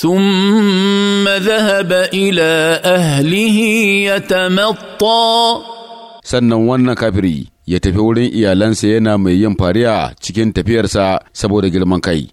ثم ذهب إلى أهله يتمطى سنوانا كابري يتفولين إيا لانسينا ميين باريا تشكين تفيرسا سبو رجل منكي